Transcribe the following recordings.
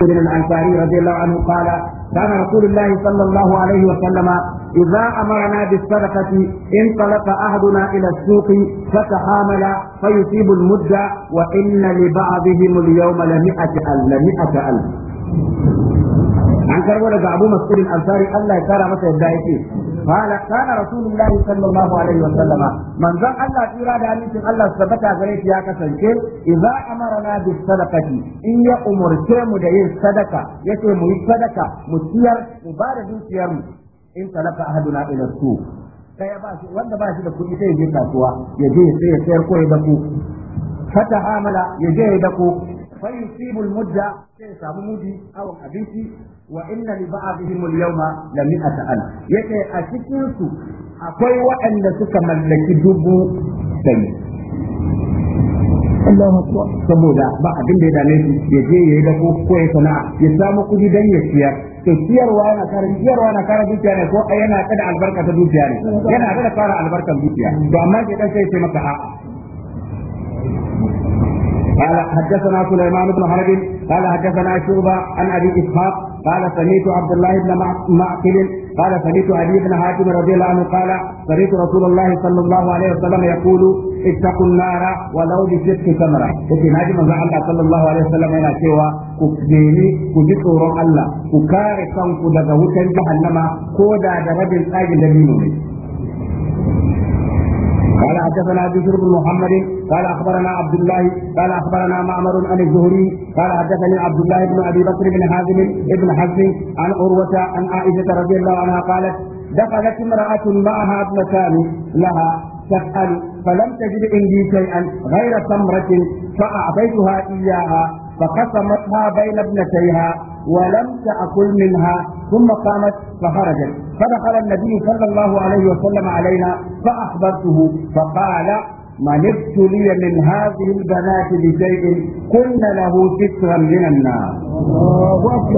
بن الأنصاري رضي الله عنه قال كان رسول الله صلى الله عليه وسلم إذا أمرنا بالصدقة انطلق أحدنا إلى السوق فتحامل فيصيب المدة وإن لبعضهم اليوم لمئة ألف لمئة ألف an karbo daga abu mas'ud al-ansari Allah ya kara masa yadda yake قال كان رسول الله صلى الله عليه وسلم من ذا الله تيرا داني في الله سبتا غريت يا كسنكي إذا أمرنا بالصدقة إن يأمر كيم دين صدقة يتي مي صدقة مسير مبارد سير إن تلقى أحدنا إلى السوق kai ya bashi wanda bashi da kuɗi sai ya je kasuwa ya je sai ya sayar ko ya dako fata amala ya je ya dako فيصيب المدة سيسام مدي أو أبيتي وإن لبعضهم اليوم لمئة ألف يكي أشكيسو أقوي وأن تكمل لك دبو سيد Allahu akbar saboda ba abin da ya dame shi ya je yayi da ko ko ya sana'a ya samu kuɗi dan ya siyar to siyarwa yana kare siyarwa yana kare dukiya ne ko yana kada albarka ta dukiya ne yana dukiya to amma ke dan sai ce maka حدثنا سليمان بن حرب قال حدثنا شعبة عن أبي إسحاق قال سميت عبد الله بن معقل قال سميت أبي بن حاتم رضي الله عنه قال سميت رسول الله صلى الله عليه وسلم يقول اتقوا النار ولو بشق ثمرة يتي ناجي من الله صلى الله عليه وسلم هنا سوى كفديني كجسور الله كاري كنك دغوتن جهنم كودا درب الآجل دمينوني قال حدثنا بشر بن محمد قال اخبرنا عبد الله قال اخبرنا معمر عن الزهري قال حدثني عبد الله بن ابي بكر بن حازم بن حزم عن عروه عن عائشه رضي الله عنها قالت دخلت امراه معها ابنتان لها تسأل فلم تجد عندي شيئا غير تمرة فأعطيتها إياها فقسمتها بين ابنتيها ولم تأكل منها ثم قامت فخرجت فدخل النبي صلى الله عليه وسلم علينا فأخبرته فقال من ابتلي من هذه البنات بشيء كن له سترا من النار الله أن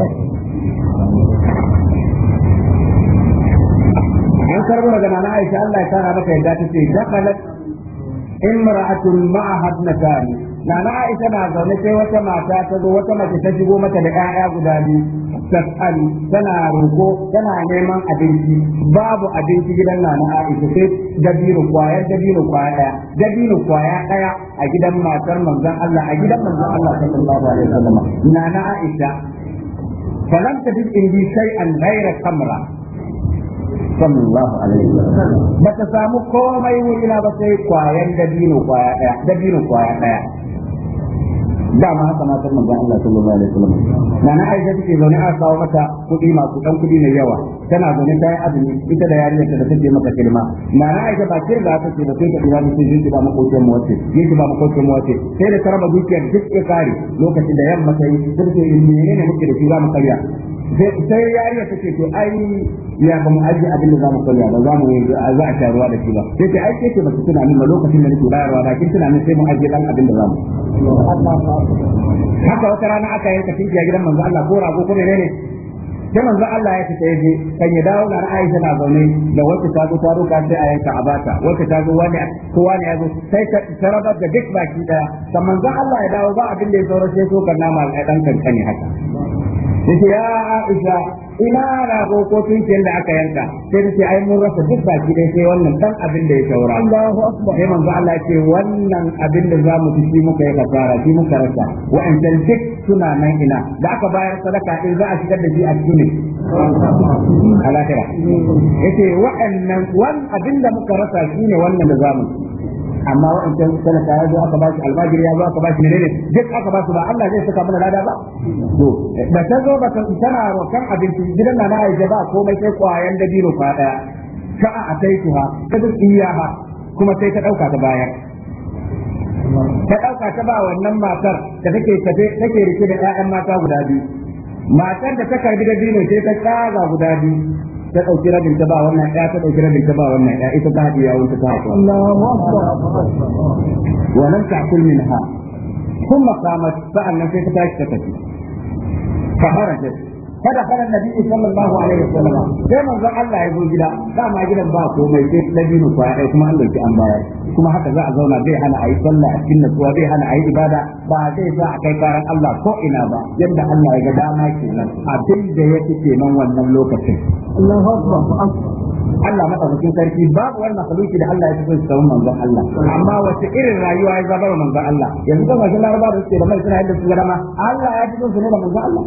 an karbo daga nana Aisha Allah ya kara maka yadda tace nana Aisha na zaune sai wata mata ta zo wata mace ta shigo mata da ƴaƴa guda biyu tasali tana roko tana neman abinci babu abinci gidan nana Aisha sai dabino kwaya dabino kwaya daya dabino kwaya daya a gidan matar manzon Allah a gidan manzon Allah sallallahu alaihi wasallam nana Aisha falam tajid indi shay'an ghayra kamra sallallahu alaihi wasallam bata samu komai wurina ba sai kwayan dabino kwaya daya dabino kwaya daya dama haka matar manzon Allah sallallahu alaihi wasallam na Aisha take zaune a kawo mata kuɗi masu dan kuɗi mai yawa tana zaune ta yi azumi ita da yadda da take maka kirma na Aisha ba ce da take da sai ta kira ni sai ki ba mu kokiyar mu wace ki ba mu kokiyar mu wace sai da karba dukiyar duk ya kare lokacin da yamma kai sai ta ne muke da shi ba mu karya sai yariya ta ce to ai ya ba mu aje abin da za mu koya ba za mu a za a taruwa da shi ba sai ta aike ce ba su tunanin ba lokacin da nake bayarwa ba kin tunanin sai mun aje dan abin da za mu haka wata rana aka yanka tinkiya gidan manzo Allah ko rago ko menene sai manzo Allah ya fita yaje kan ya dawo na Aisha na zaune da wata ta zo ta roka sai a yanka a Wata ta zo wani ko wani ya zo sai ta tarabar da duk baki daya kan manzo Allah ya dawo ba abin da ya saura sai so kan nama a dan kankani haka yake ya Aisha ina rago ko ke da aka yanka sai da ce ai mun rasa duk baki dai sai wannan dan abin da ya saura Allahu akbar sai manzo Allah ya ce wannan abin da za mu ci muka yi kasara shi muka rasa wa'annan duk suna nan ina da aka bayar sadaka din za a shigar da shi a cikin alakira yace wa'annan wan abin da muka rasa shine wannan da zamu amma wa'ancan talaka ya zo aka ba shi albajiri ya zo aka ba shi menene duk aka ba su ba Allah zai saka mana lada ba to ba ta zo ba tana rokan abinci gidan na na aje ba komai sai kwayan dabino fa daya ka a ha ka duk iyaha kuma sai ta dauka ta bayar ta dauka ta ba wannan matar da take tafe take rike da ƴaƴan mata guda biyu matar da ta karbi dabino sai ta tsaga guda biyu ta ɗauki rabin ta ba wannan ya ta ɗauki rabin ta ba wannan ya ita ta hadiya wanda ta hadiya Wannan ta wa lam ha. minha kuma qamat sa'annan sai ta tashi ta tafi fa kharajat فدخل النبي صلى الله عليه وسلم كما ذا الله يزو جدا كما جدا با mai sai labinu ko ai kuma an ɗauki an bayar kuma haka za a zauna bai hana a yi sallah a cikin nasuwa bai hana a yi ibada ba zai sa a kai karan Allah ko ina ba yadda Allah ya ga dama A abin da ya fi nan wannan lokacin Allah akbar Allah sarki babu wannan haluki da Allah ya fi son samun manzon Allah amma wace irin rayuwa ya zaba manzon Allah yanzu ga shi Laraba da suke da mai suna yadda su gama Allah ya fi sun su da manzon Allah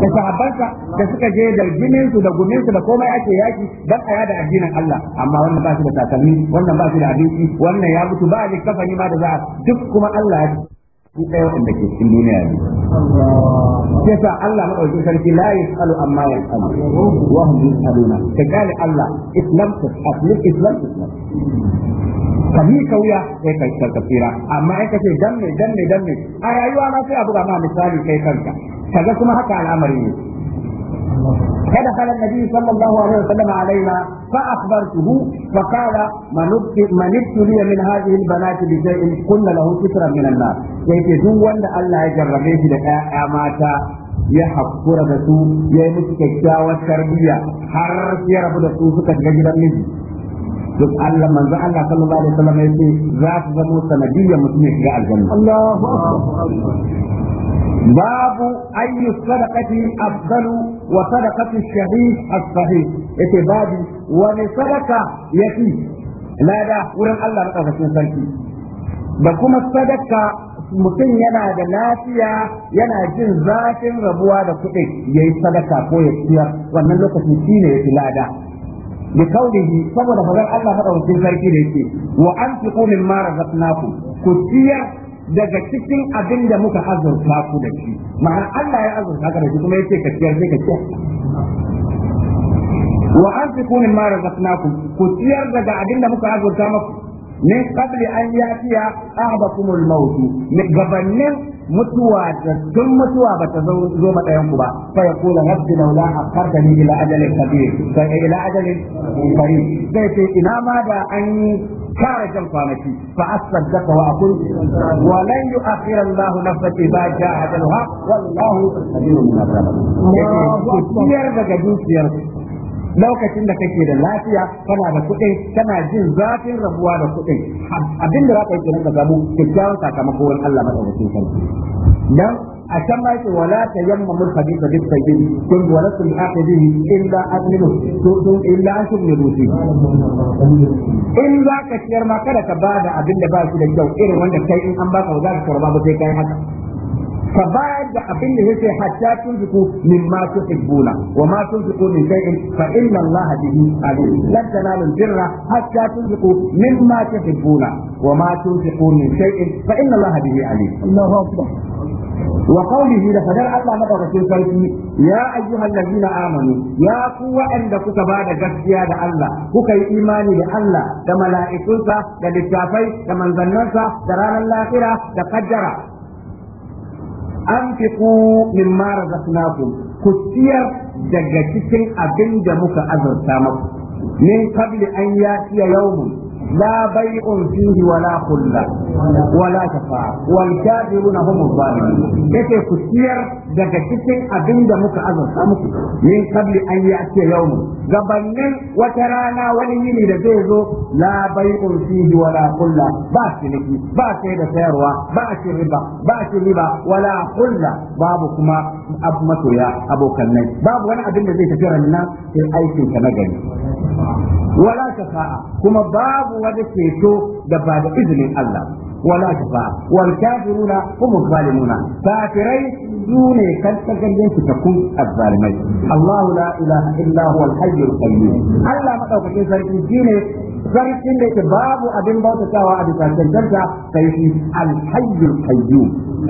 da sahabbansa da suka je da jinin da gumin da komai ake yaki dan a da addinin Allah amma wannan ba su da takalmi wannan ba su da abinci wannan ya mutu ba da kafani ma da za duk kuma Allah ya su ɗaya da ke cikin duniya ne sai sa Allah madaukakin sarki la yasalu amma yasalu wa hum yasaluna ka kale Allah islam ta tasafir islam islam ka mi kauya sai ka tsira amma ai kace dan ne dan ne dan ne a rayuwa ma sai a buga ma misali kai kanka kaga kuma haka al'amari ne فدخل النبي صلى الله عليه وسلم علينا فأخبرته فقال من ابتلي من هذه البنات بشيء قلنا له سترا من النار يتجون الله يجربيه لآية ماتا ya haƙura da su ya yi musu kyakkyawar tarbiyya har ya rabu da su suka gidan miji duk Allah manzo Allah sallallahu alaihi wasallam ya za su zama sanadiyyar mutum ya shiga aljanna Allahu akbar باب أي الصدقة أفضل وصدقة الشهيد الصحيح إيه باب ولصدقة يكي لا دا ورن الله sarki? Da بكم الصدقة mutum yana da lafiya yana jin zafin rabuwa da kuɗi ya yi sadaka ko ya ciyar wannan lokacin shi ne ya fi lada da kaurihi saboda faɗar Allah madaukakin sarki da yake wa an fi mara mimma razaqnakum ku ciyar daga cikin abin da muka azurta ku da shi ma'ana Allah ya azurta ka da shi kuma yake ka ciyar sai ka ciyar wa mara mimma razaqnakum ku ciyar daga abin da muka azurta maku min qabli an yatiya ahadakumul maut gabanin mutuwa da tun mutuwa ba ta zo ma ɗayan ku ba fa yaqulu rabbi laula akhartani ila ajalin kabir fa eh, ila ajalin qarib sai ce ina ma da an kare jan kwanaki fa asaddaka wa aqul wa lan yu'akhir Allah nafsan idza ja'a ajalha wallahu qadirun ala ذلك. lokacin da kake da lafiya kana da kuɗi kana jin zafin rabuwa da kuɗi abin da zaka yi kenan ka samu kyakkyawan sakamako wurin Allah madaukakin sarki dan a can ma yake wala hadi da bis din kun wala sun akhidhi illa to don illa ne rusi in za ka ciyar ma kada ka bada abin da ba shi da kyau irin wanda kai in an baka ba za ka karba ba sai kai haka ka bayar da abin da yake hatta tunfiku min ma tuhibbuna wa ma tunfiku min shay'in fa inna Allah bihi alim lan tanalu birra hatta tunfiku min ma tuhibbuna wa ma tunfiku min shay'in fa inna Allah bihi alim Allahu akbar وقوله لفدر الله مدى رسول da يا أيها الذين آمنوا يا قوة عندك بعد جسيا الله كوكا إيمان الله كملائكوسا كالتشافي كمنزلنسا درار الآخرة تقدر anfiqu mimma razaqnakum ku ciyar daga cikin abin da muka azurta maku min qabli an yatiya yawmun لا بيع فيه ولا خلة ولا شفاعة والكافرون هم الظالمون yake ku siyar daga cikin abin da muka azurta muku min qabli an ce yau gabanin wata rana wani yini da zai zo la bai'un fihi wala qulla ba ciniki ba sai da sayarwa ba shi riba ba shi riba wala qulla babu kuma abu matoya abokan nan babu wani abin da zai tafi rannan sai aikin ka na gari wala shafa'a kuma babu wani ceto da ba da izinin Allah wala tufa wal kafiruna hum zalimuna kafirai sune kan tagayyen su ta kun azzalimai Allah la ilaha illa huwa al-hayyul qayyum Allah madaukakin sarki shine sarkin da yake babu abin bautatawa a bisa cancanta sai shi al-hayyul qayyum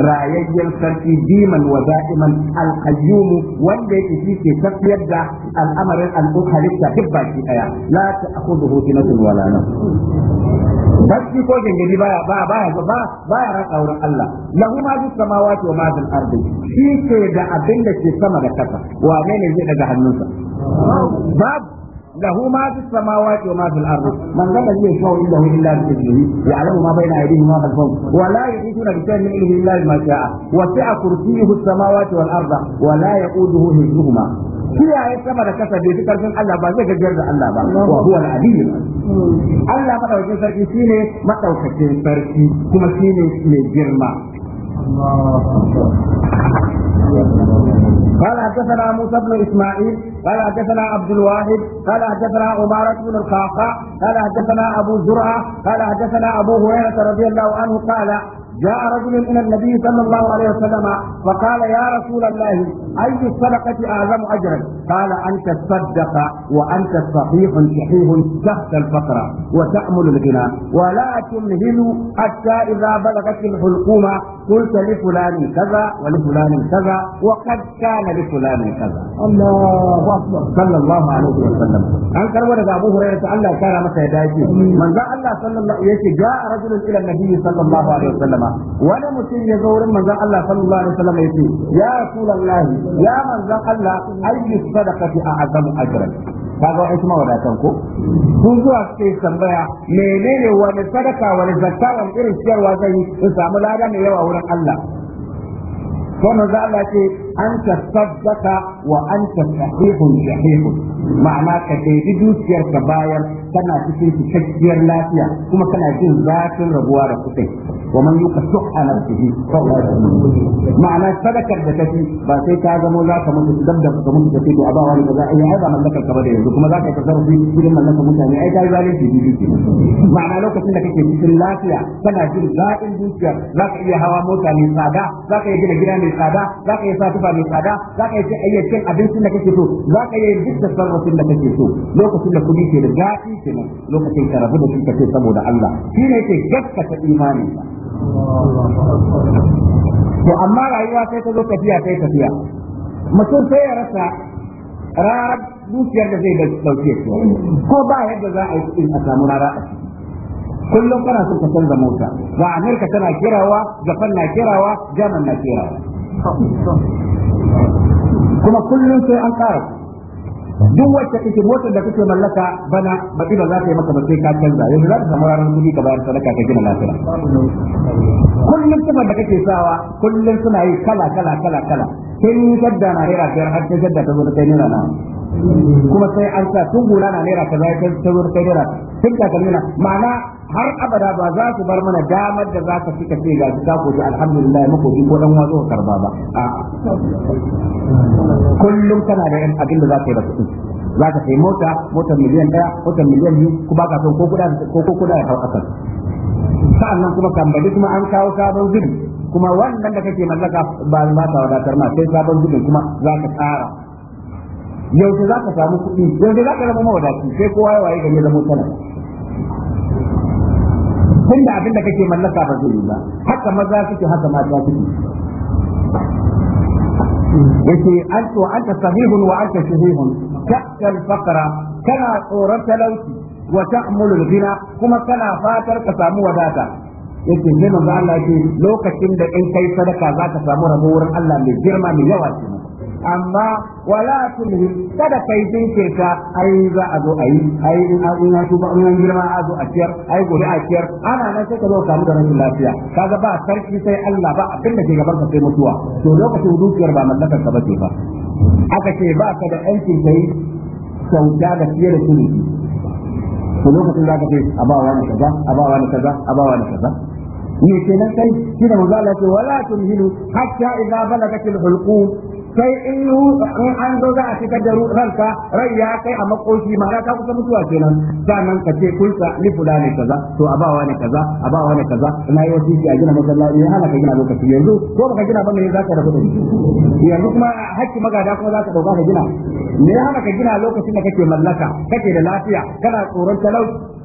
rayayyen sarki diman wa da'iman al-qayyum wanda yake shi ke tafiyar da al'amarin al'ukhalitta duk baki daya la ta'khudhuhu sinatun wala nawm bacci ko gangadi baya ba baya ba baya raka wurin Allah lahu ma bis samawati wa ma bil ardi shi ke da abin da ke sama da kasa wa ne zai daga hannunsa babu له ما في السماوات وما في الارض من ذا الذي يشفع عنده الا باذنه يعلم ما بين ايديه وما خلفهم ولا يحيطون بشيء من علمه الا بما شاء وسع كرسيه السماوات والارض ولا يقوده حفظهما kiyaye sama da kasa bai fi karfin Allah ba zai gajiyar da Allah ba wa huwa al-aliyyul Allah madaukakin sarki shine madaukakin sarki kuma shine mai girma قال حدثنا موسى بن اسماعيل قال حدثنا عبد الواحد قال حدثنا عمارة بن الخاقع قال حدثنا ابو زرعة قال حدثنا ابو هريرة رضي الله عنه قال جاء رجل الى النبي صلى الله عليه وسلم فقال يا رسول الله أي الصدقة أعظم أجرا قال أن تصدق وأنت صحيح شحيح تحت الفقرة وتأمل الغنى ولا تمهل حتى إذا بلغت الحلقومة قلت لفلان كذا ولفلان كذا وقد كان لفلان كذا الله أكبر صلى الله عليه وسلم أن كربنا أبو هريرة الله كان مسا يدايكي من ذا الله صلى الله عليه جاء رجل إلى النبي صلى الله عليه وسلم ولا مسلم يزور من ذا الله صلى الله عليه وسلم يتي يا رسول الله ya manzan Allah ayyu a a'zamu ajran kaga wai kuma wadatan ko kun zuwa sai tambaya menene wani sadaka wani zakka wani irin ciyarwa zai in samu lada mai yawa wurin Allah to manzan Allah ce an tasaddaka wa ta sahihun shahihun ma'ana ka daidai dukiyar ka bayar kana cikin cikakkiyar lafiya kuma kana jin zafin rabuwa da kusai wa man yuka suha nafsihi ma'ana sadakar da kafi ba sai ka zamo za ka mutu dab da ka mutu kace to abawa ne za a yi aiba mallakar ka ba da yanzu kuma za ka yi tasarrufi cikin mallakar mutane ai kai zalunci biyu ke ma'ana lokacin da kake cikin lafiya kana jin zafin dukiyar za ka iya hawa mota mai tsada za ka iya gina gida mai tsada za ka iya sa tufa mai tsada za ka iya cin abincin da kake so za ka iya duk tasarrufi lokacin da kake so lokacin da kuɗi ke da daɗi kenan lokacin ka rabu da shi kace saboda Allah shi ne yake gaskata ka to amma rayuwa sai ta zo tafiya sai tafiya mutum sai ya rasa rarar dukiyar da zai dauke ko ba yadda za a yi a samu rara a ciki kullum kana son ka canza mota wa Amerika tana kirawa Japan na kirawa Jaman na kirawa kuma kullum sai an ƙara duk wacce kake motar da kake mallaka bana baki ba za ta yi maka ba sai ka canza yanzu za ka samu ranar kuɗi ka bayar sadaka ka gina lafiya kullum sifar da kake sawa kullum suna yi kala kala kala kala sai shadda na naira biyar har sai shadda ta zo ta kai naira na kuma sai an sa tun gura na naira ta zai ta zo ta kai naira tun takalmi na ma'ana har abada ba za su bar mana damar da za ka fi ka ce ga su ka koji alhamdulillah makoji ko dan wazo karba ba kullum kana da yan abin da za ka yi da kuɗi za ka sai mota mota miliyan ɗaya mota miliyan biyu ku ba ka son ko kuɗa ko kuɗa ya hau ƙasar sa'annan kuma kambali kuma an kawo sabon zubi kuma wannan da kake mallaka ba ba ta wadatar ma sai sabon zubin kuma za ka tsara yaushe za ka samu kuɗi yaushe za ka zama mawadaci sai kowa ya waye gari ya zama talaka tunda abin da kake mallaka ba zai ba haka maza kike haka mata kike yake an to anta sahihun wa anta shahihun ta'al faqra kana tsoron talauci wa ta'mulu al kuma kana fatar ka samu wadata yake ne manzo Allah yake lokacin da in kai sadaka za ka samu rabo wurin Allah mai girma mai yawa ce amma wala tulhi kada kai dinke ka ai za a zo ayi ai in azu na tuba an girma a zo a ciyar ai gobe a ciyar ana nan sai ka zo samu da rashin lafiya kaga ba sarki sai Allah ba abin da ke gaban ka sai mutuwa to lokacin dukiyar ba mallakar ka bace ba aka ce ba ka da yancin kai kyauta da fiye da sulhi to lokacin za ka ce a ba wani kaza a ba wani kaza a ba wani kaza me kenan kai shi da manzo Allah ce wala tumhilu hatta idza balagat al-hulqum sai in in an zo za a shiga da ranka rai ya kai a makoshi ma ka kusa mutuwa kenan sannan ka ce kulka li fulani kaza to a bawa ne kaza a bawa ne kaza na yi wasiki a gina masallaci ne hana ka gina lokaci yanzu ko baka gina ba me za ka rabu da shi yanzu kuma hakki magada kuma za ka dauka ka gina me hana ka gina lokacin da kake mallaka kake da lafiya kana tsoron talauci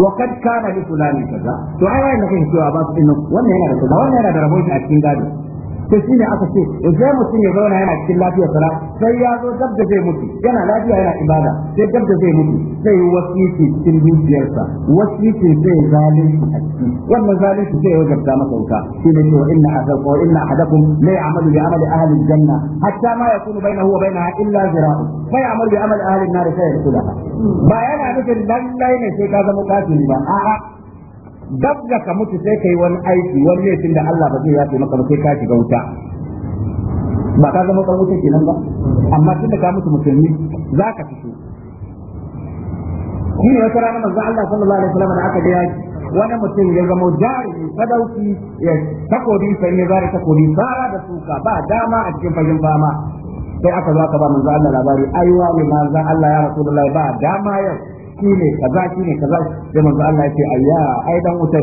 wa kad kana li fulani kaza to ai wai da kake cewa ba su dinnan wannan yana da kaza wannan yana da rabon shi a cikin gado to shi ne aka ce idan mutum ya zauna yana cikin lafiya sana sai ya zo dab da zai mutu yana lafiya yana ibada sai dab da zai mutu sai yi wasiki cikin dukiyarsa wasiki sai zalunci a ciki wannan zalunci sai ya wajabta masa wuta shi ne cewa inna ahadakum wa inna ahadakum la ya'malu bi amali ahli janna hatta ma yakunu bainahu wa bainaha illa zira'un fa ya'malu bi amali ahli an-nar sai yakulaha ba yana nufin lallai ne sai ka zama kafiri ba a'a dabga ka mutu sai kai wani aiki wani laifin da Allah ba zai yafe maka ba sai ka shiga wuta ba ka zama kan wuta kenan ba amma tunda ka mutu musulmi za ka fito shi ne wata rana manzo Allah sallallahu alaihi wasallam da aka je yaji wani mutum ya zama jarumi sadauki ya takodi sai ya zare takodi fara da suka ba dama a cikin fagen fama sai aka zo aka ba manzo Allah labari aiwa ne manzo Allah ya rasulullahi ba dama yau shine kaza shine kaza da manzo Allah ya ce ayya ai dan wuta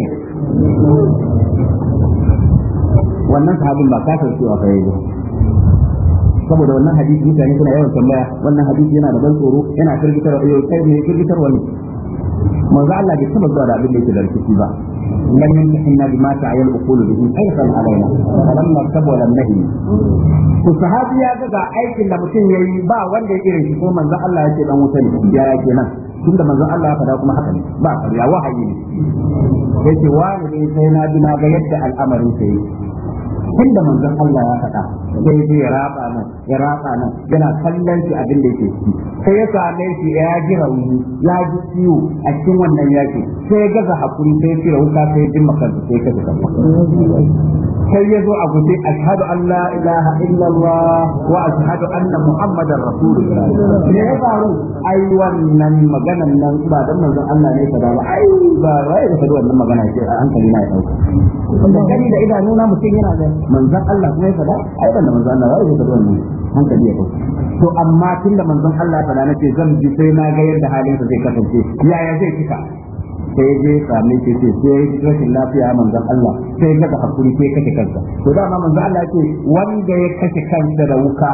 wannan sahabin ba kafir cewa kai ba saboda wannan hadisi mutane suna yawan tambaya wannan hadisi yana da ban tsoro yana firgitar ayoyi eh, kai ne firgitar wani manzo Allah bai taba zuwa da abin da yake da rikici ba lam yantahina bima ta'ayyal uqulu bihi aysan alaina falamma tabu lam nahi to sahabi ya ga aikin da mutum yayi ba wanda ya irin shi ko manzo Allah yake dan wuta ne ya yake nan tunda manzon Allah ya faɗa kuma haka ne ba ƙarya wahayi ne ce wani ne sai na bi na ga yadda al'amarin sai tunda manzon Allah ya faɗa sai ya ya raba nan ya raba nan yana kallon shi abin da yake ciki sai ya same shi ya ji rauni ya ji ciwo a cikin wannan yaki sai ya gaza hakuri sai ya fi rauta sai ya ji kansa sai ya kaza sai ya zo a guje ashhadu an la ilaha illallah wa ashhadu anna muhammadar rasulullah me ya faru ai wannan maganan nan ba dan manzon Allah ne fada ba ai ba wai da fadi wannan magana ce a hankali na ya dauka wanda gani da idanu na mutum yana da manzon Allah kuma ya fada ai ban da manzon Allah wai da fadi wannan hankali ya dauka to amma tun da manzon Allah fada nace zan ji sai na ga yadda sa zai kasance yaya zai kika sai je same shi ce sai rashin lafiya manzon Allah sai daga hakuri sai kashe kansa to dama manzon Allah ce wanda ya kashe kansa da wuka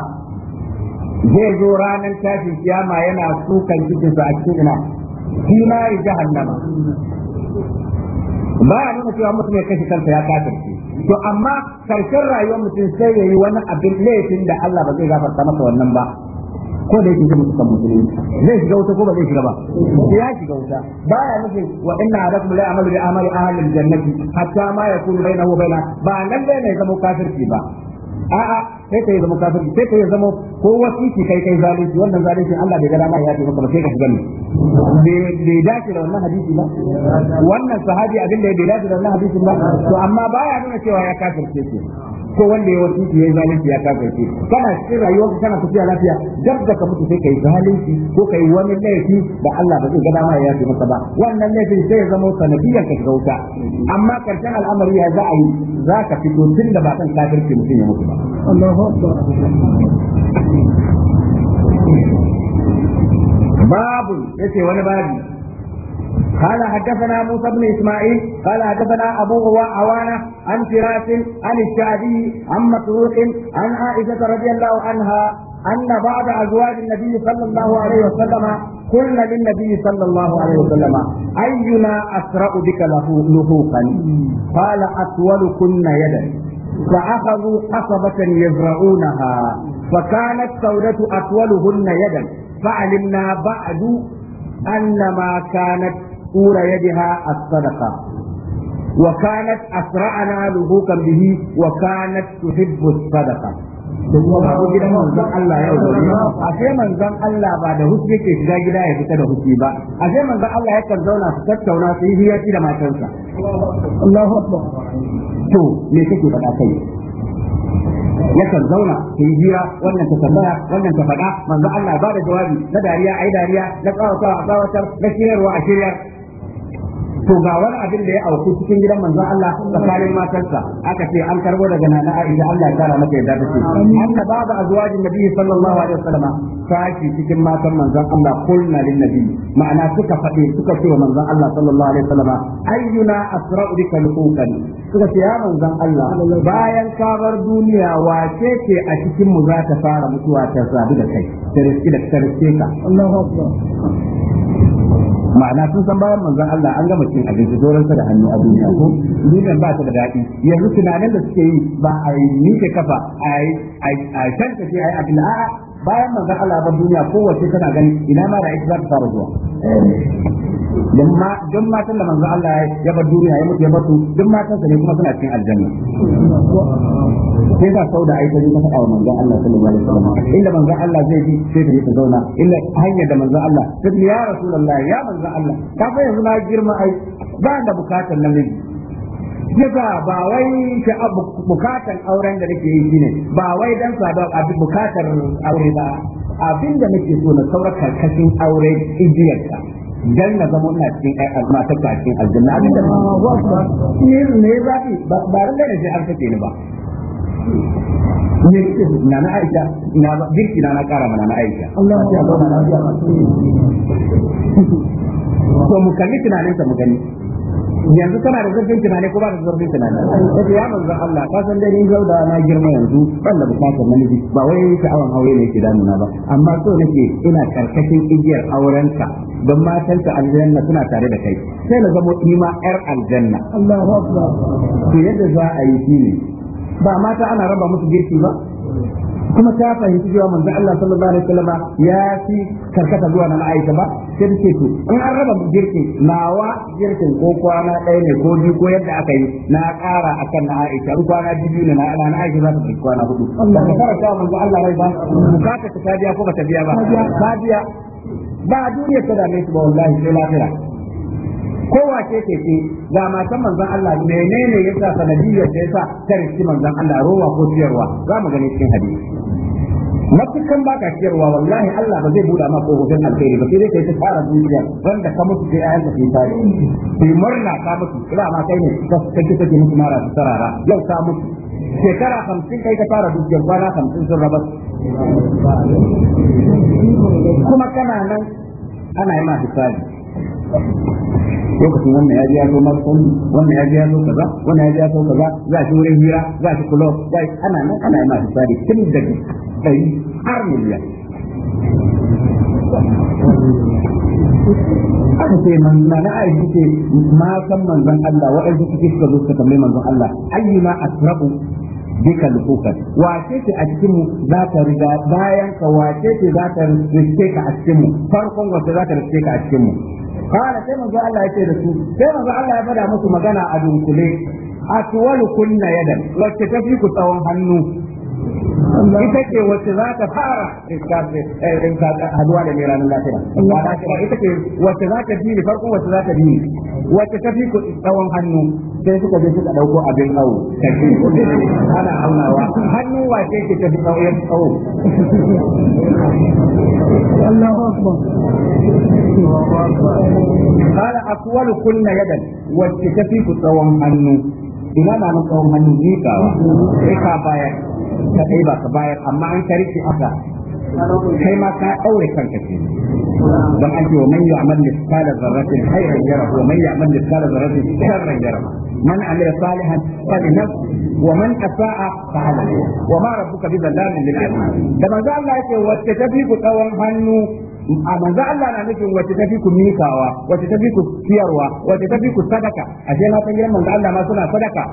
zai zo ranar tashin kiyama yana sukan cikinsa a cikin ina shi ma ya jahannama ba a nuna cewa mutum ya kashe kansa ya kafirce to amma karshen rayuwar mutum sai ya yi wani abin laifin da Allah ba zai gafarta masa wannan ba ko da yake musu kan musulmi zai shiga wuta ko ba zai shiga ba sai ya shiga wuta ba ya nufi wa inna hadakum la amalu bi amali ahli aljannati hatta ma yakunu bainahu wa baina ba nan dai ne zama kafirci ba a'a sai kai zama kafirci sai kai zama ko wasiki kai kai zalunci wannan zalunci Allah bai ga dama ya ce maka ba sai ka shiga ne bai dace da wannan hadisi ba wannan sahabi abin da ya dace da wannan hadisi ba to amma baya nuna cewa ya kafirce shi ko wanda ya wasu ya yi zalunci ya kafirce kana cikin rayuwar ka kana tafiya lafiya dab da ka mutu sai ka yi zalunci ko ka yi wani laifi da Allah ba zai ga dama ya yi maka ba wannan laifin sai ya zama sanadiyar ka shiga wuta amma karshen al'amari ya za a yi za ka fito tun da ba kan kafirce mutum ya mutu ba Allahu Akbar babu yace wani babi. قال حدثنا موسى بن اسماعيل قال حدثنا ابو عوانه عن فراس عن الشعبي عن مسروق عن عائشه رضي الله عنها ان بعض ازواج النبي صلى الله عليه وسلم قلنا للنبي صلى الله عليه وسلم اينا اسرع بك لهوقا قال اطولكن يدا فاخذوا قصبه يزرعونها فكانت سودة اطولهن يدا فعلمنا بعد أن ما كانت طول يدها الصدقة وكانت أسرعنا لهوكا به وكانت تحب الصدقة kuma ba gidan Allah yau da ne a sai manzon Allah ba da hukki yake shiga gida ya fita da hukki ba a sai manzon Allah yakan zauna su tattauna su yi hiyarci da matansa Allahu akbar to me kake faɗa kai yakan zauna su yi hira wannan ta tambaya wannan ta faɗa manzon Allah ba da jawabi na dariya ai dariya na tsawatawa a tsawatar na shiryarwa a shiryar to ga wani abin da ya auku cikin gidan manzon Allah tsakanin matarsa aka ce an karbo daga nana Aisha Allah ya kara mata yadda take anna babu azwajin nabi sallallahu alaihi wasallam sashi cikin matan manzon Allah kulna lin nabi ma'ana suka faɗi suka ce wa manzon Allah sallallahu alaihi wasallam ayyuna asra'u bika luqan suka ce ya manzon Allah bayan ka bar duniya wace ce a cikin mu za ta fara mutuwa ta sabu da kai ta riski da ta riske ka Allahu akbar ma'ana sun san bayan manzon Allah an gama cin abinci doron sa da hannu a duniya ko duniyan ba ta da daɗi yanzu tunanin da suke yi ba a yi nike kafa a yi a shanta a yi abin a'a bayan manzon Allah ba duniya kowace tana gani ina ma da ita za ta fara zuwa don matan da manzo Allah ya bar duniya ya mutu ya batu duk matan sa ne kuma suna cikin aljanna sai ka sauda ai ta ta faɗa wa manzo Allah sallallahu alaihi wasallam inda manzo Allah zai ji sai ta ta zauna inda hanyar da manzo Allah sai ya rasulullahi ya manzo Allah ka fa yanzu na girma ai ba da bukatar namiji yasa ba wai sha'abu bukatar auren da nake yi shine ba wai dan saduwa a bukatar aure ba abinda nake so na saurar karkashin aure ijiyarka dan zama ina cikin ai azma ta ka cikin aljanna abin da ne ne zaki ba bar da ne har take ne ba ne ce na na aisha na dikki na na kara mana na aisha Allah ya ba na lafiya ba to mu kalli tunanin sa mu gani yanzu kana da zurfin tunani ko ba da zurfin tunani kace ya manzo Allah ka san dai ni zauda na girma yanzu ban da bukatar namiji ba wai sha'awan aure ne ke damuna ba amma so nake ina karkashin igiyar aurenka don matanka aljanna suna tare da kai sai na zama ima yar aljanna Allahu akbar to yadda za a yi shine ba mata ana raba musu girki ba kuma ta fahimci cewa manzo Allah sallallahu alaihi wasallam ya fi karkata zuwa na Aisha ba sai take to in an raba girkin nawa girkin ko kwana ɗaya ne ko biyu ko yadda aka yi na ƙara akan na Aisha in kwana biyu ne na na Aisha za ta fi kwana hudu ba ka karanta manzo Allah rai ba bukata ta biya ko ba ta biya ba ta biya ba duniya ta dame su ba wallahi sai lafira ko wace ce ce ga matan manzon Allah menene yasa sanadiyar da yasa ta riski manzon Allah rowa ko ciyarwa za mu gani cikin hadisi matukan baka ciyarwa wallahi Allah ba zai buɗa ma kofofin alheri ba sai dai kai ta fara duniya wanda ka mutu sai ayanka sai yi sai murna ka mutu kira ma kai ne ka kike kike mutu mara sarara yau ka mutu shekara hamsin kai ka fara dukiyar kwana hamsin sun raba kuma kana nan ana yi ma hisabi lokacin wannan ya ji ya zo markon wannan ya ji ya zo kaza wannan ya ji ya zo kaza za shi wurin hira za shi kulo za shi ana nan ana yana da tsari tun daga ɗari har miliyan aka ce na na aiki ce ma san manzon Allah waɗansu suke suka zo suka tambayi manzon Allah ayyuma asrabu bika lukukan wace ce a cikin mu za ta riga bayan ka wace ce za ta riske ka a cikin mu farkon wace za ta riske ka a cikin mu fara sai manzo Allah ya ce da su sai manzo Allah ya fada musu magana a dunkule a kunna yadan lokacin ku tsawon hannu ita ce wacce za ta fara eh, eh, haduwa da mai ranar lafiya ba ita ce wacce za ta bi farko wacce za ta bi ni wacce ta fi ku tsawon hannu sai suka je suka dauko abin awo kashi ana aunawa hannu wace ke ta fi tsawon awo Allahu akbar قال أطول كل يدا واتكفي في أنه ina na mun tsawon hannu ni ka sai ka bayar ka dai ba ka bayar amma an tarike haka kai ma ka aure kanka ce dan an ce wa man ya'mal mithqala dharratin khairan yara wa man ya'mal mithqala dharratin sharran yara man amila salihan falinafsi wa man asaa fa alayhi wa ma rabbuka bi dhallamin lil 'abid da manzo Allah yake wacce ta tafi ku tsawon hannu manzo Allah na nufin wacce ta fi ku mikawa wacce ta fi ku siyarwa, wacce ta fi ku sadaka ashe na san gidan manzo Allah ma suna sadaka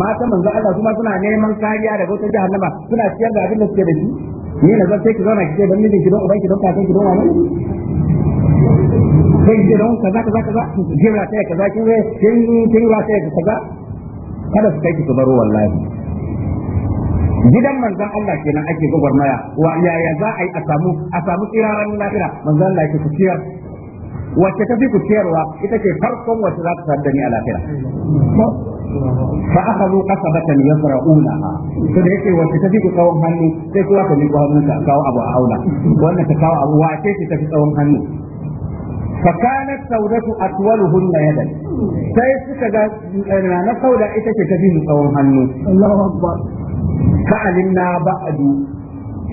mata manzo Allah kuma suna neman kariya daga wata jahannama suna siyar da abin da suke da shi ni na zan sai ki zauna ki ce don mijin ki don uban ki don kakan ki don wani sai ki ce don kaza kaza kaza ki jira ta kaza kin kin kin ruwa ta kaza kada su kai ki su baro wallahi gidan manzon Allah kenan ake gwagwarmaya wa yaya za a yi a samu a samu tsiraran lafiya manzon Allah yake ku ciyar wacce ta fi ku ita ce farkon wacce za ta sadda ni a lafiya fa ya qasabatan una to da yake wacce ta fi ku tsawon hannu sai kowa ta miƙo hannunka kawo abu a auna wannan ta kawo abu wace ce ta fi tsawon hannu فكانت سودة أطولهن yadda. sai suka ga eh, na sauda ita ce ta mu tsawon hannu Allahu akbar fa'alinna ba'du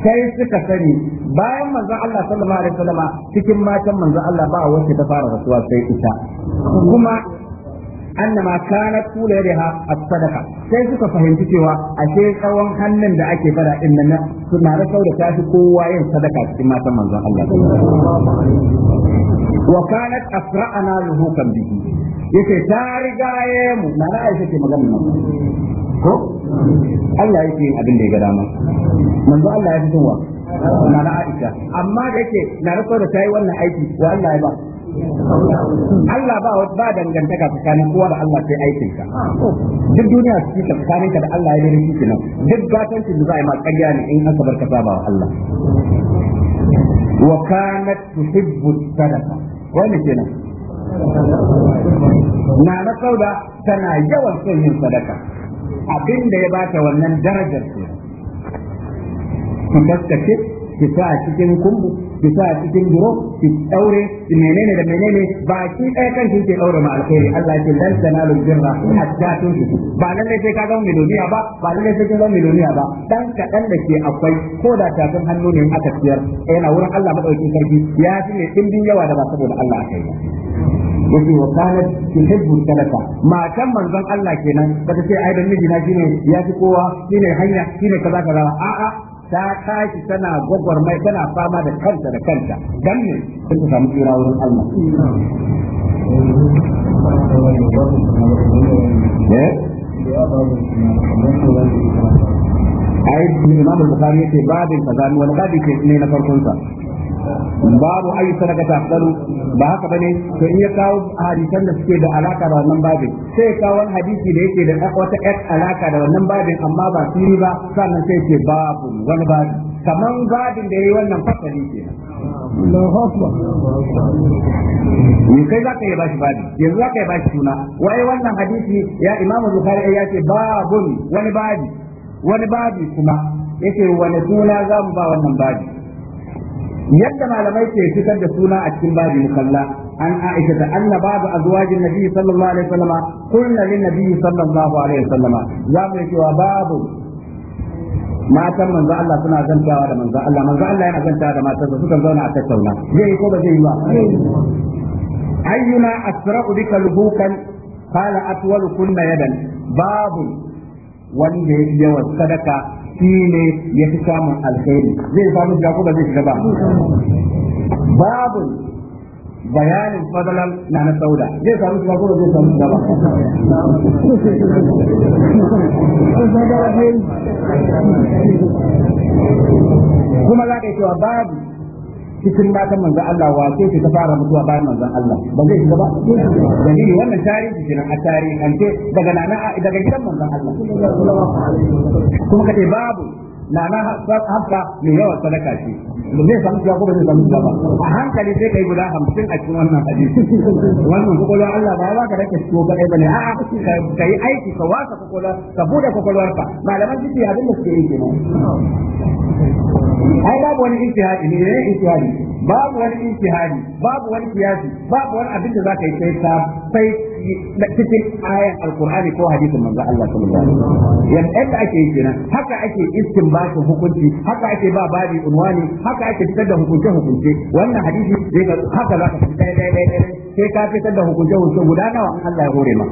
sai suka sani bayan manzon Allah sallallahu alaihi wasallama cikin matan manzon Allah ba wacce ta fara rasuwa sai ita kuma annama kanat kula yadiha as-sadaqa sai suka fahimci cewa ashe tsawon hannun da ake fara din nan suna rasau da tafi kowa yin sadaka cikin matan manzon Allah wa kanat asra'ana luhukan bihi yace ta rigaye mu na Aisha ce magana ko Allah yake yin abin da ya ga dama manzo Allah ya fitowa na na Aisha amma da yake na na da ta yi wannan aiki wa Allah ya ba Allah ba wa ba dangantaka tsakanin kowa da Allah sai aikin ka duk duniya su ci tsakanin ka da Allah ya yi shi nan duk gatan da za a yi ma ƙarya ne in aka bar ka saba wa Allah wa kanat tuhibbu sadaqa wani kenan na na sauda tana yawan son yin sadaka abin da ya bata wannan darajar ke ki ce ki sa a cikin kumbu ki sa a cikin duro ki daure menene da menene ba ki ɗaya kan ki daure ma alkhairi Allah ya ce lan tanalu birra hatta tunfi ba ne sai ka zama miloniya ba ba ne sai ka zama ba dan kaɗan da ke akwai ko da ta tafin hannu ne aka siyar yana wurin Allah madaukin sarki ya fi ne din yawa da ba saboda Allah akai yake wa kanat tuhibbu ma matan manzon Allah kenan bata ce ai dan miji na shine ya fi kowa shine hanya shine kaza kaza a ta tashi tana mai tana fama da kanta da kanta dan ne sai ta samu jira wurin Allah eh? ai imam al-bukhari yace babin kaza wani babin ke ne na farkon sa babu ayi sadaka ta tsaro ba haka bane to in ya kawo hadisan da suke da alaka da wannan babin sai kawo hadisi da yake da wata ek alaka da wannan babin amma ba fili ba sannan sai ce babu wani babi kaman babin da yayi wannan fasali kenan Allahu Akbar. Ni kai zaka yi bashi babi, yanzu zaka yi bashi suna. Wai wannan hadisi ya Imam Bukhari ya ce babun wani babi, wani babi kuma yake wani suna za mu ba wannan babi. yadda malamai ke fitar da suna a cikin babi mukalla an aisha da anna babu azwajin nabi sallallahu alaihi wasallam kullu lin nabi sallallahu alaihi wasallam za mu cewa babu matan manzo Allah suna zantawa da manzo Allah manzo Allah yana zantawa da matarsa suka zauna a tattauna zai ko ba zai yi ba ayyuna asra'u bika lubukan qala atwalu kunna yadan babu wanda ya yawan sadaka shi ne ya fi samun alkhairi zai samu shiga ko ba zai shiga ba babu bayanin fadalan na na sauda zai samu shiga ko ba zai samu shiga ba kuma za ka yi cewa babu cikin matan manzan Allah wa ce ta fara mutuwa bayan manzan Allah ba zai shiga ba dalili wannan tarihi kenan a tarihi an ce daga nana daga gidan manzan Allah kuma kace babu nana hafsa ne yawa sadaka shi ba zai samu ya ko bai samu ba a hankali sai kai guda 50 a cikin wannan hadisi wannan kokolwa Allah ba za ka rake ko ba bane a a kai yi aiki ka wasa kokolwa ka bude kokolwarka malaman jiki abin da suke yi kenan ai babu wani ijtihadi ne ne ijtihadi babu wani ijtihadi babu wani kiyasi babu wani abin da zaka yi sai sai cikin ayan alqur'ani ko hadisin manzo Allah sallallahu alaihi wasallam yadda ake yin kenan haka ake istinbatin hukunci haka ake ba babi unwani haka ake fitar da hukunce hukunce wannan hadisi zai haka zaka fitar da sai ka fitar da hukunce hukunce guda nawa Allah ya hore ma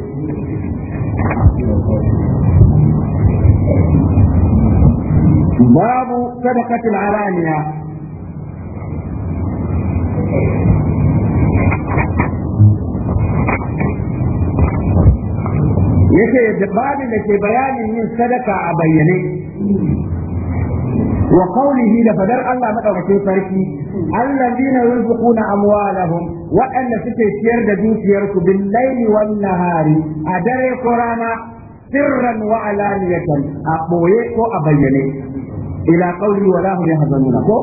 سبقة العرانية يسي يدقاني لكي بياني من سبقة عبيني وقوله لفدر الله مدى وكي تركي الذين ينفقون أموالهم وأن سكي تيرد دوت بالليل والنهار أدري قرانا سرا وعلانية أبويك وأبيني ila qawli wa la hum yahzanuna ko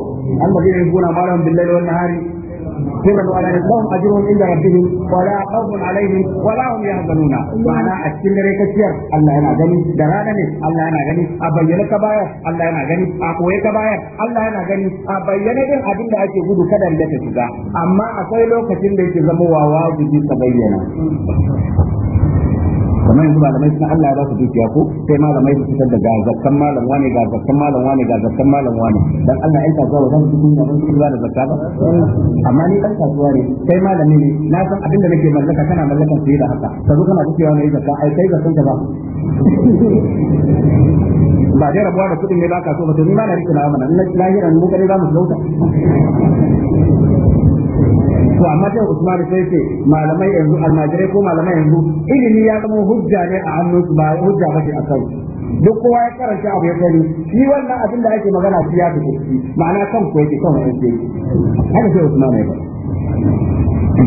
alladhina yuhibbuna ma'ahum bil-layli wan-nahari سرا ولا لهم ne عند ربهم ولا خوف عليهم ولا هم يحزنون معنى اكل ريك الشر الله انا غني درانا ني الله غني ابين لك بايا الله غني اقوي لك بايا الله غني ابين din abin da ake gudu kada da ta shiga amma akwai lokacin da yake zamowa wajibi ka bayyana kamar yanzu malamai suna Allah ya ba su dukiya ko sai malamai su fitar da ga malam wane ga malam wane ga malam wane dan Allah ya kasuwa ba zan cikin yaran su ba da zakka ba amma ni dan kasuwa ne sai malami ne na san abin da nake mallaka kana mallakan sai da haka ka zo kana dukiya ne zakka ai kai zakkan ka ba ba dai rabuwa da kudin ne ba ka so ba to ni ma na rike na amana na ne mu kare za mu ta. to amma sai Usman sai ce malamai yanzu almajirai ko malamai yanzu ilimi ya zama hujja ne a su ba hujja bace a kai duk kowa ya karanta abu ya sani shi wannan abin da ake magana shi ya fito ma'ana kan ku yake kan wani yake haka sai Usman ne ba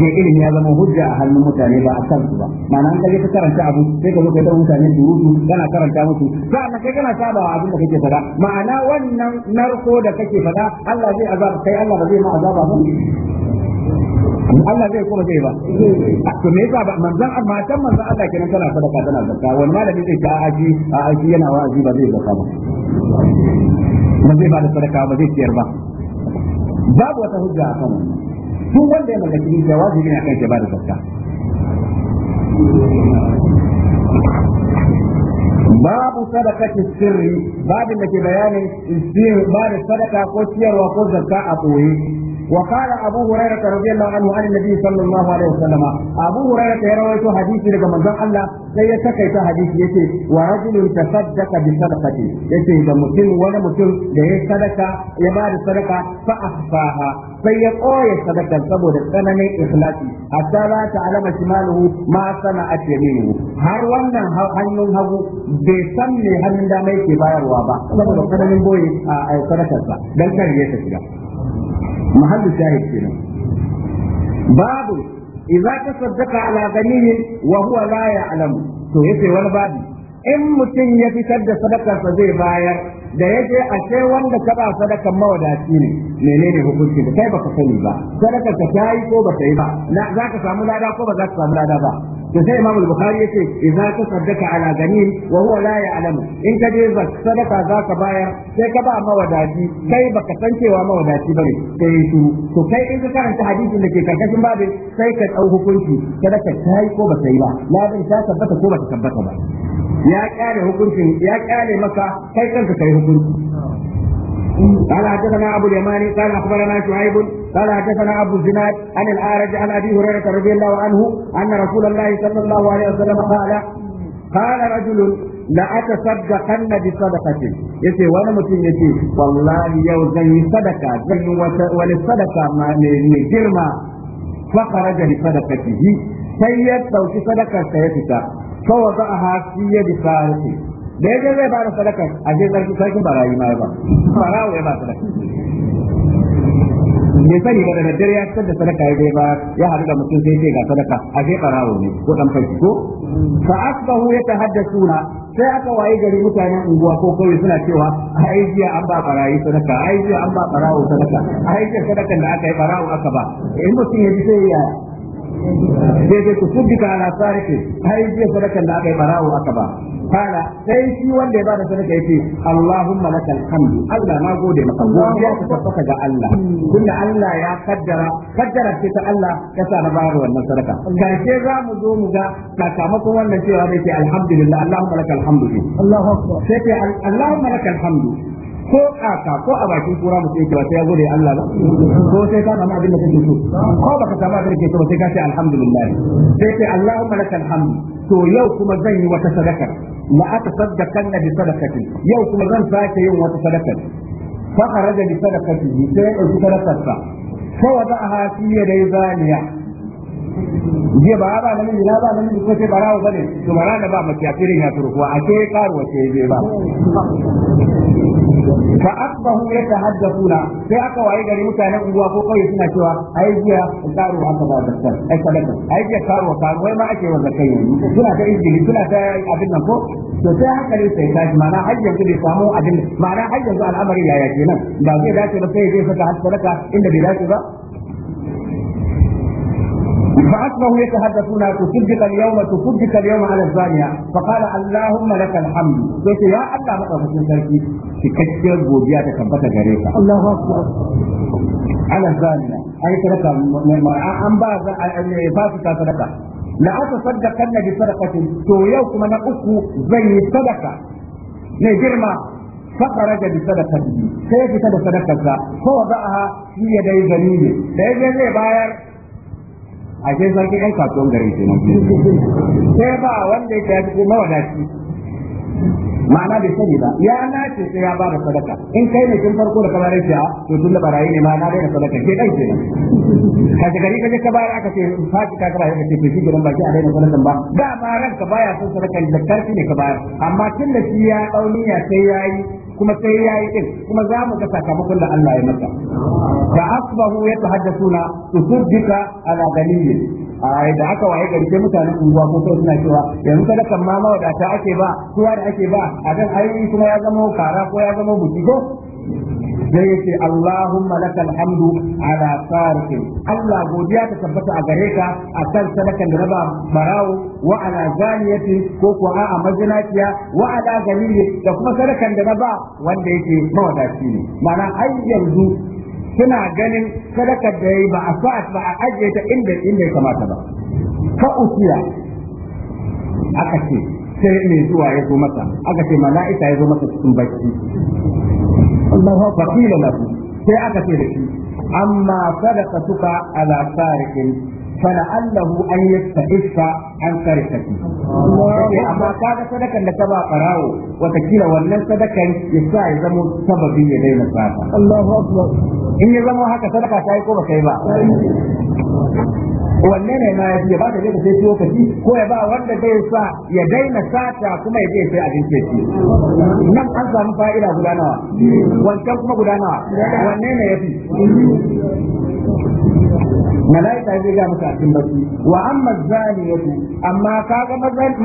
je ilimi ya zama hujja a hannun mutane ba a kan su ba ma'ana an kaje ka karanta abu sai ka zo ka dawo mutane surutu kana karanta musu sa'annan kai kana saba wa abin da kake faɗa ma'ana wannan narko da kake faɗa Allah zai azaba kai Allah ba zai ma azaba ba Allah zai kuma zai ba ah, to me yasa manzon amma can manzon Allah kenan tana sadaka tana zakka wani malami zai ta aji a aji yana wa'azi ba zai zakka ba ba zai ba da sadaka ba zai ciyar ba babu wata hujja a kan wannan wanda ya mallaki dukiya wajibi ne akan ya ba da zakka babu sadakati sirri babin da ke bayanin sirri ba da sadaka ko ciyarwa ko zakka a boye وقال أبو هريرة رضي الله عنه عن النبي صلى الله عليه وسلم أبو هريرة يروي حديثي لك من الله sai ya takaita hadisi yace wa rajulun tasaddaqa bi sadaqati yace da mutum wani mutum da ya sadaka ya ba da sadaka a ahfaha sai ya koya sadakar saboda tsananin ikhlasi hatta la ta'lama shimaluhu ma sana'at yaminuhu har wannan hannun hagu bai san me hannun dama yake bayarwa ba saboda tsananin boye a sadakarsa dan kar ya tafiya mahallin shahid kenan babu idza tasaddaqa ala ganihi wa huwa la ya'lam to yace wani babu in mutum ya fitar da sadakarsa zai bayar da ya je ashe wanda ka ba sadakan mawadaci ne menene hukunci da kai baka sani ba sadakar ka ta yi ko ba ta yi ba za ka samu lada ko ba za ka samu lada ba to sai Imam Bukhari yace idza tasaddaqa ala ganin wa huwa la ya'lamu in ka je sadaka zaka bayar sai ka ba mawadaci kai baka san cewa mawadaci bane sai su to kai in ka karanta hadisin da ke karkashin babu sai ka dau hukunci sadaka ta yi ko ba ta yi ba labin ta tabbata ko ba ta tabbata ba ya kyale hukuncin ya kyale maka kai kanka kai hukunci قال حدثنا ابو اليماني قال اخبرنا شعيب قال حدثنا ابو الزناد عن الاعرج عن ابي هريره رضي الله عنه ان رسول الله صلى الله عليه وسلم قال قال رجل لأتصدقن بصدقة يسي وانا متين يسي والله يو زي صدقة زي وللصدقة ما نجرما فخرج لصدقته سيد توشي صدقة سيدك فوضعها في يد صارتي da ya بعد صدقه؟ da sadakar a براي ما sarkin براي ما ya bai sani ba da daddare ya fitar da sadaka ya zai ba ya haɗu da mutum sai ce ga sadaka a zai karawo ne ko dan fashi ko fa asbahu yatahaddasuna sai aka waye gari mutanen unguwa ko kauye suna cewa ai jiya an ba barayi sadaka ai jiya an ba barawo sadaka ai jiya sadakan da aka yi barawo aka ba in mutum ya ji sai ya sai dai ku subika ala sarike har jiya sadakan da aka yi barawo aka ba kana sai shi wanda ya ba da sadaka yace Allahumma lakal hamdu Allah na gode maka godiya ta tabbata ga Allah tunda Allah ya kaddara kaddara ce ta Allah ya sa na bayar wannan sadaka karshe za mu zo mu ga sakamakon wannan cewa bai yake alhamdulillah Allahumma lakal hamdu Allahu akbar sai ce Allahumma lakal hamdu ko kaka ko a bakin kura mutum yake ba sai ya gode Allah ba ko sai ka samu abin da kake so ko baka samu abin da kake so sai ka ce alhamdulillah sai ce Allahumma lakal hamd to yau kuma zan yi wata sadaka la atasaddaqanna bi sadaqati yau kuma zan sake yin wata sadaka fa kharaja bi sadaqati sai ya dauki sadakarsa fa wada'aha fi yaday zaniya jiya ba ba nan ina ba nan ko sai barawo bane to bara da ba makiya firin ya turkuwa ake karuwa ce sai ba fa asbahu yatahaddathuna sai aka waye gari mutanen unguwa ko kauye suna cewa ai jiya karu aka ba zakka ai sadaka ai jiya karu karu wai ma ake wa zakka yanzu suna ta izini suna ta abin nan ko to sai haka ne sai tashi ma'ana har yanzu ne samu abin ma'ana har yanzu al'amari yaya kenan ba zai dace ba sai zai saka har sadaka inda bai dace ba فأصبحوا يتحدثون تصدق اليوم تصدق اليوم على الزانية فقال اللهم لك الحمد قلت يا الله ما تفكر سلكي تكتر بوديا تكبت جريفة الله أكبر على الزانية أي سرقة أم بعض فاسقة سرقة لا أتصدقن بسرقة تو يوم نقصه زي صدقة نجرمه فخرج بصدقته سيجد fita فوضعها في يدي wada'aha shi ya dai gani a ke sarki ai kasuwan garin ke nan sai ba wanda ya fi mawadaci ma'ana bai sani ba ya nace sai ya bada sadaka in kai ne kin farko da kamar rafiya to tun da barayi ne ma'ana na da sadaka ke nan kenan ji gari kaje ji bayar aka ce fashi ka kabarai bayar ka ce to shi gidan baki a daina sadakan ba da ma ranka baya son sadaka da karfi ne ka bayar amma tun da shi ya dau niyya sai yayi kuma sai ya yi din kuma za mu ga sakamakon da Allah ya masa da asbahu yatahaddathuna usuddika ala dalil ai da aka waye garke mutanen unguwa ko sai suna cewa yanzu kada kan ma wadata ake ba kowa da ake ba a dan ai kuma ya zama kara ko ya zama buki ko sai yace Allahumma lakal hamdu ala sarikin Allah godiya ta tabbata a gare ka akan sadakan da raba barawo wa ala zaniyati ko ko a mazinaciya, wa ala galili da kuma sadakan da raba wanda yake mawadaci ne ma'ana ai yanzu suna ganin sadakar da yayi ba a sa ba a ajiye ta inda inda ya kamata ba ka usiya aka ce sai mai zuwa ya zo masa aka ce mala'ika ya zo masa cikin bacci Allahu akbar qila lahu sai aka ce da shi amma sadaqatuka ala sariqin فلعله ان يستعف عن سرقته amma kaga sadakan da ta ba farawo watakila wannan sadakan ya sa ya zama sababi ya daina sata Allahu in ya zama haka sadaka ta yi ko ba kai ba wanne ne ma ya ya ba ka je sai ciwo ka ko ya ba wanda zai sa ya daina sata kuma ya je sai abinci ya nan an samu fa'ida guda nawa wancan kuma guda wanne ne ya fi malaika zai ga maka cikin baki wa amma zaniyatu amma kaga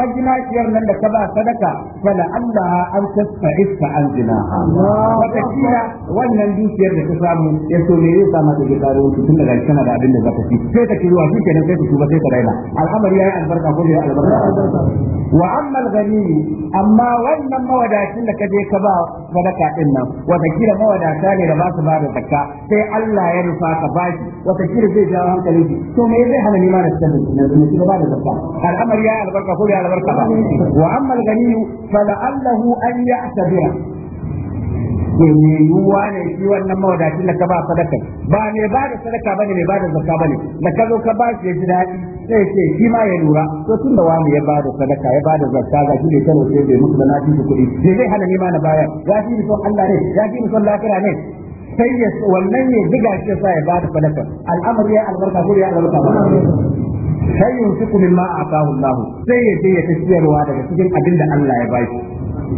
majinaciyar nan da ka ba sadaka fala Allah an tasfa'isa an zina wata kila wannan dukiyar da ka samu ya so me zai sama da gidaro tun daga kana da abin da zaka ci sai ka kiruwa shi kenan sai ka tuba sai ka daina al'amari yayi albarka ko bai albarka wa amma al-ghani amma wannan mawadacin da ka je ka ba sadaka din nan wata kila mawadata ne da ba su ba da zakka sai Allah ya rufa ka bashi wata تكفير زي جاهم تلقي ثم يزي هم الإيمان السلم نزل نسيب بعد الزفاة الحمر يا البركة فول يا البركة وأما الغني فلعله أن يأس بها يوانا يسيوان نمو داكين لكبا صدقة بان يبار صدقة بان يبار الزفاة بان لكذو كبار يجدائي sai ce shi ma ya lura to tun da wani ya ba da sadaka ya ba da zakka ga shi ne kano sai bai musu da nasi su kuɗi sai zai hana nema na baya ya fi ni son sai ya wannan ya diga shi sa ya ba da sadaka al'amari ya albarka ko ya albarka ba min ma a kawun Allah sai ya je ya siyarwa daga cikin abin da Allah ya bashi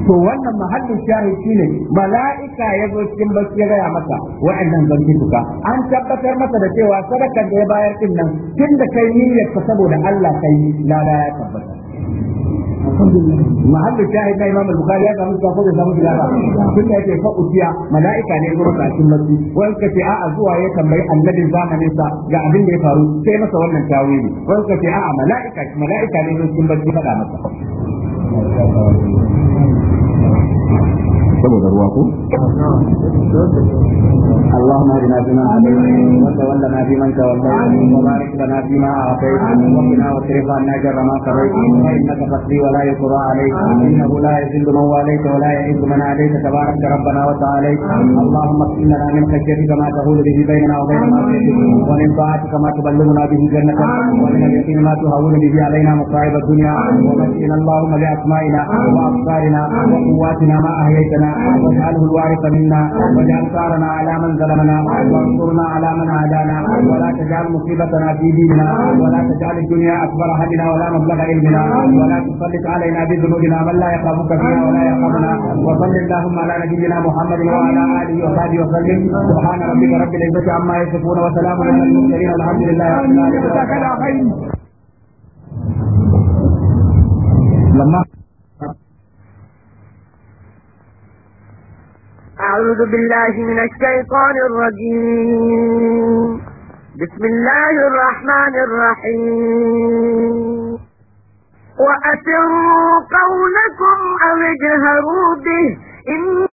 to wannan mahallin shi ne mala'ika ya zo cikin bacci ya gaya masa wa'annan zantuka an tabbatar masa da cewa sadakar da ya bayar din nan da kai niyyar ka saboda Allah kai lada ya tabbata mahallin ta haika imam al-bukhari ya samu zuwa da samu bila ba tun da yake mala'ika ne zuwa bakin masjid wani kace a a zuwa ya tambayi annabin zamanin sa ga abin da ya faru sai masa wannan tawili wani kace a a mala'ika mala'ika ne a cikin masjid faɗa masa saboda ruwa ko اللهم اهدنا بما هديت وتولنا بما توليت وبارك لنا بما اعطيت وقنا واصرف عنا شر ما قضيت انك تقضي ولا يقضى عليك انه لا يذل من واليت ولا يعز من عليك تبارك ربنا وتعاليت اللهم اكفنا لنا من خشيتك ما تهول به بيننا وبين معصيتك ومن طاعتك ما تبلغنا به جنتك ومن اليقين ما تهون به علينا مصائب الدنيا ومتعنا اللهم لاسمائنا وابصارنا وقواتنا ما احييتنا واجعله الوارث منا واجعل ثارنا على من ظلمنا وانصرنا على من عادانا ولا تجعل مصيبتنا في ديننا ولا تجعل الدنيا اكبر همنا ولا مبلغ علمنا ولا تسلط علينا بذنوبنا من لا يخافك فينا ولا يرحمنا وصل اللهم على نبينا محمد وعلى اله وصحبه وسلم سبحان ربك رب العزه عما يصفون وسلام على المرسلين والحمد لله رب العالمين لما أعوذ بالله من الشيطان الرجيم بسم الله الرحمن الرحيم وأسروا قولكم أو اجهروا به إن